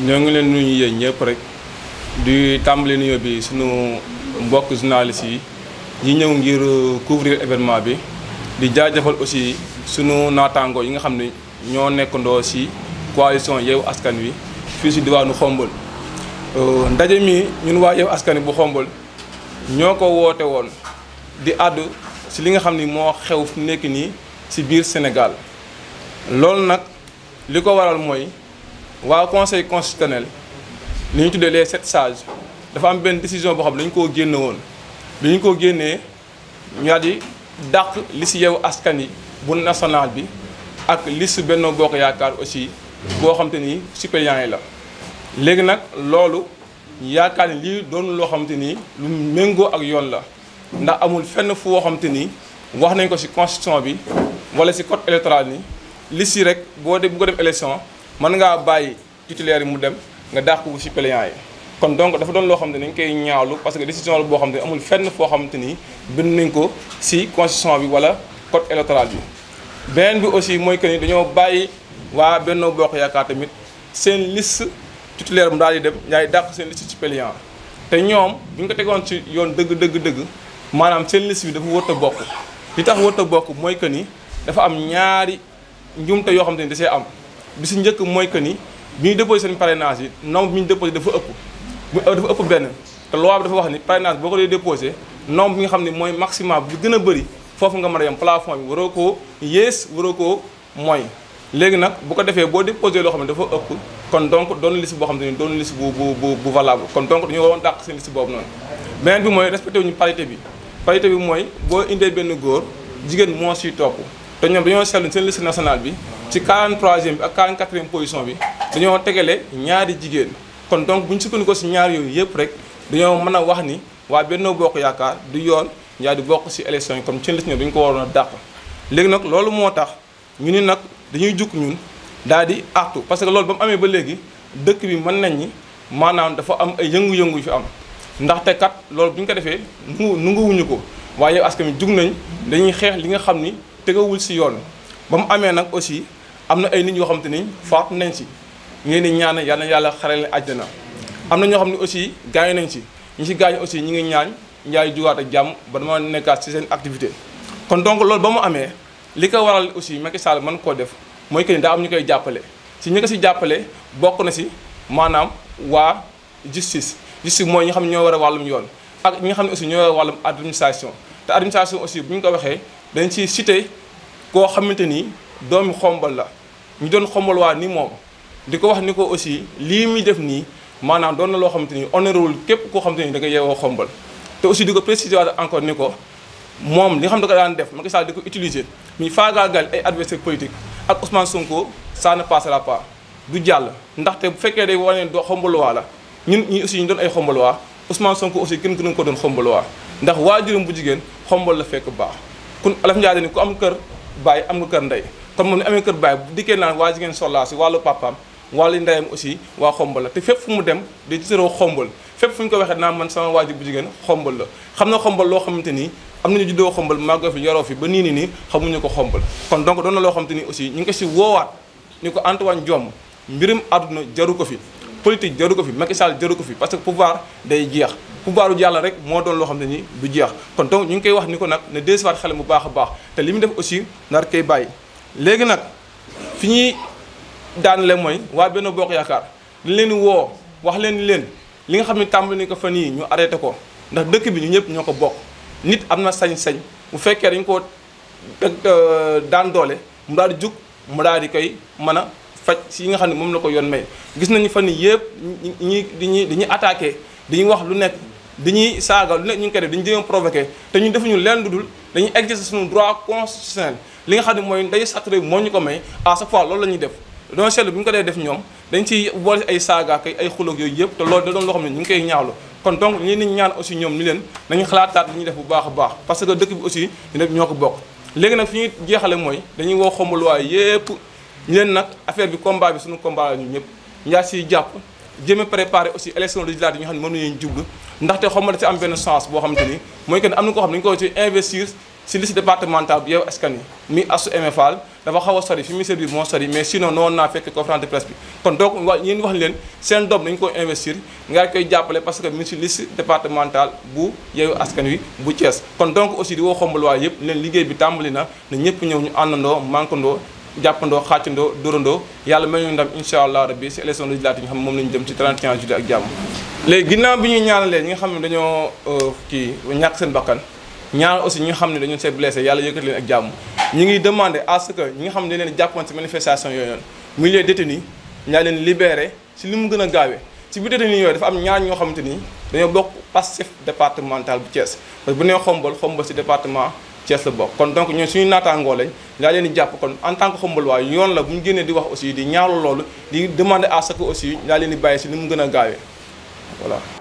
ñoo ngi leen nuyu yéen ñëpp rek di tàmbali nuyoo bi suñu mbokk journaliste yi yi ñëw ngir couvrir événement bi di jaajëfal aussi sunu naataangoo yi nga xam ne ñoo nekkandoo si coalition Yewwi Askan Wi fii si diwaanu Xombol euh, ndaje mi ñun waa Yewwi Askan Wi bu Xombol ñoo ko woote woon di àddu si li nga xam ni moo xew nekk nii si biir Sénégal loolu nag li ko waral mooy waaw conseil constitutionnel li ñu tuddee les sept sages dafa am benn décision boo xam ne dañu koo génne woon bi ñu ko génnee ñaar yi dàq liste Yewwi Askan Wi bu nationale bi ak liste Benno Bokk Yaakaar aussi boo xam te ni suppléants yi la. léegi nag loolu yaakaar ni lii doon loo xam te ni lu méngoo ak yoon la ndax amul fenn foo xam te ni wax nañ ko ci constitution bi walla ci code électoral ni liste yi rek boo de bu ko dem élection. mën ngaa bàyyi titulaire yi mu dem nga dàq ko suppléant yi kon donc dafa doon loo xam ne dañ koy ñaawlu parce que décision la boo xam ne amul fenn foo xamante ni bind nañ ko si constitution bi wala code électoral bi beneen bi aussi mooy que ni dañoo bàyyi waa Benno Bokk Yaakaar tamit seen liste titulaire mu daal yi dem ñaay dàq seen ci suppléant te ñoom bu ñu ko tegoon ci yoon dëgg dëgg dëgg maanaam seen liste bi dafa wër a bokk li tax wër a bokk mooy que ni dafa am ñaari njuumte yoo xam ne da see am bi si njëkk mooy que ni bi ñu déposé seen parrainage yi nombre bi ñu déposé dafa ëpp bu dafa ëpp benn te loi bi dafa wax ni parrainage boo ko dee déposé noom bi nga xam ne mooy maximum bi gën a bëri foofu nga mën a yem plafond bi waroo koo yées waroo ko mooy léegi nag bu ko defee boo déposé loo xam ne dafa ëpp kon donc doon liste boo xam ne doon liste bu bu bu bu valable kon donc dañu waroon dàq seen liste boobu noonu beneen bi mooy respecté wuñu parité bi parité bi mooy boo indee benn góor jigéen moo siy topp te ñoom dañoo seetlu seen liste nationale bi ci 43e bi ak 44e position bi dañoo tegale ñaari jigéen kon donc bu ñu sukkandikoo si ñaari yooyu yëpp rek dañoo mën a wax ni waa Benno Bokk Yaakaar di yoon yaa di bokk si élection yi comme seen liste ñoom ko waroon a dàq léegi nag loolu moo tax ñu ni nag dañuy jukk ñun daal di artu parce que loolu ba amee ba léegi dëkk bi mën nañ ñi maanaam dafa am ay yëngu-yëngu yu fi am ndaxte kat loolu bu ñu ko defee nanguwuñu ko waaye askan mi jug nañ dañuy xeex li nga xam ni tegawul si yoon ba mu amee nag aussi am na ay nit yoo xam te ni faatu nañ si ngeen di ñaan yàlla yàlla xarale na am na ñoo xam ne aussi gaañu nañ si ñi si gaañu aussi ñi ngi ñaan njaay jugaat ak jàmm ba dama nekkaat si seen activité. kon donc loolu ba mu amee li ko waral aussi Macky Sall mën koo def mooy que ni am ñu koy jàppale si ñi ko si jàppale bokk na si maanaam waa justice justice mooy ñi xam ne ñoo war a wàllum yoon ak ñi nga xam ne aussi ñoo war a wàllum administration te administration aussi bu ñu ko waxee dañ ci cité. koo xamante ni doomi xombal la ñu doon xombal waa ni moom di ko wax ni ko aussi lii muy def nii maanaam doon na loo xamante ni honorewul képp koo xamante ni danga nga yeewoo xombal te aussi di ko préciser waat encore ni ko moom li xam ne ko daan def Macky Sall di ko utiliser muy faagaagal ay adversaire politique ak Ousmane Sonko ça ne passera pas du jàll ndaxte bu fekkee day wane ne doo waa la ñun ñi aussi ñu doon ay xombaluwaa Ousmane Sonko aussi kenn ku ko doon xombaluwaa ndax waajuram bu jigéen xombal la fekk baax kun alaf njaa ni ku am kër baay am nga kër ndey te moom ni amee kër baay bu dikkee naan waa jigéen solaa si wàllu papaam wàllu ndeyam aussi waa xombal la te fépp fu mu dem di gisaroo xombal fépp fu ñu ko waxee naa man sama waajur bu jigéen xombal la xam na xombal loo xamante nii am nañu juddoo xombal màggoo fi yoroo fi ba nii ni nii xamuñu ko xombal kon donc doon na loo xamante nii aussi ñu ngi ko si woowaat ñu ko Antoine jomm mbirum àdduna jaru ko fi politique jaru ko fi Macky Sall ko fi parce que pouvoir day jeex pouvoir jàll rek moo doon loo xam ne ni du jeex kon donc ñu ngi koy wax ni ko nag ne desiwaat xale bu baax a baax te li mu def aussi nar koy bàyyi léegi nag fi ñuy daanale mooy waa benn bokk yaakaar dañ woo wax leen leen li nga xam ne tàmbali ni ko fan yii ñu arrêté ko ndax dëkk bi ñu ñëpp ñoo ko bokk nit am na sañ-sañ bu fekkee dañ ko euh, daan doole mu daal di jug mu daal di koy mën a faj si yi nga xam ne moom la ko yoon may gis nañu fan yii yëpp ñi diñuy diñuy attaqué diñuy wax lu nekk diñuy saaga lu nekk ñu ngi koy def dañu jéem provoqué te ñun defuñu leen lu dul dañuy exercer suñu droit constitutionnel li nga xam ne mooy ndeyu sacré bi moo ñu ko may à chaque fois loolu la ñuy def donc seetlu bi ñu ko dee def ñoom dañ ciy boole ay saaga kay ay xuloog yooyu yëpp te loolu da doon loo xam ne ñu ngi koy ñaawlu kon donc li ñu ñaan aussi ñoom ni leen dañu xalaataat li ñuy def bu baax a baax parce que dëkk bi aussi ñu def ñoo ko bokk léegi nag fi ñuy jeexale mooy dañuy woo xombaluwaay yëpp ñu leen nag affaire bi combat bi suñu combat la ñu ñëpp ñaa siy jàpp jéem a préparé aussi élection législative yi nga xam ne moom nañuy jublu ndaxte xaw ma da am benn chance boo xamante ni mooy que ne am na koo xam ne dañu ko ci investir si liste dafa xaw a sori fi ministère bi moo sori mais sinon noonu naa fekk conférence de presse bi kon donc wa ñeen wax ni leen seen doom dañu ko investir nga koy jàppale parce que mi si liste départementale bu yow askan wi bu Thiès kon donc aussi di woo xombal yëpp leen liggéey bi tàmbali na ne ñëpp ñëw ñu àndandoo mànkandoo jàppandoo xaacandoo dóorandoo yàlla may ñu ndam incha allah rabbi si élection législative yi nga xam moom la ñu jëm ci 31 juillet ak jàmm léegi ginnaaw bi ñuy ñaanalee ñi nga xam ne dañoo euh, kii ñàkk seen bakkan ñaanal aussi ñi xam ne dañu see blessé yàlla yëkkati leen ak jàmm ñu ngi demandé à que ñi nga xam ne dañ leen jàppoon si manifestation yooyu noonu muy les détenus ñaa leen libéré si li mu gën a gaawee si biir détenus yooyu dafa am ñaar ñoo xamante ni dañoo bokk Pastef départemental bu Thiès parce que bu nee xombal si département Thiès la bokk kon donc ñoom suñu naataangoo lañ laa leen di jàpp kon en tant que xumbal waaye yoon la bu ñu génnee di wax aussi di ñaawlu loolu di demander à ce que aussi laa leen di bàyyi si ni mu gën a gaawee voilà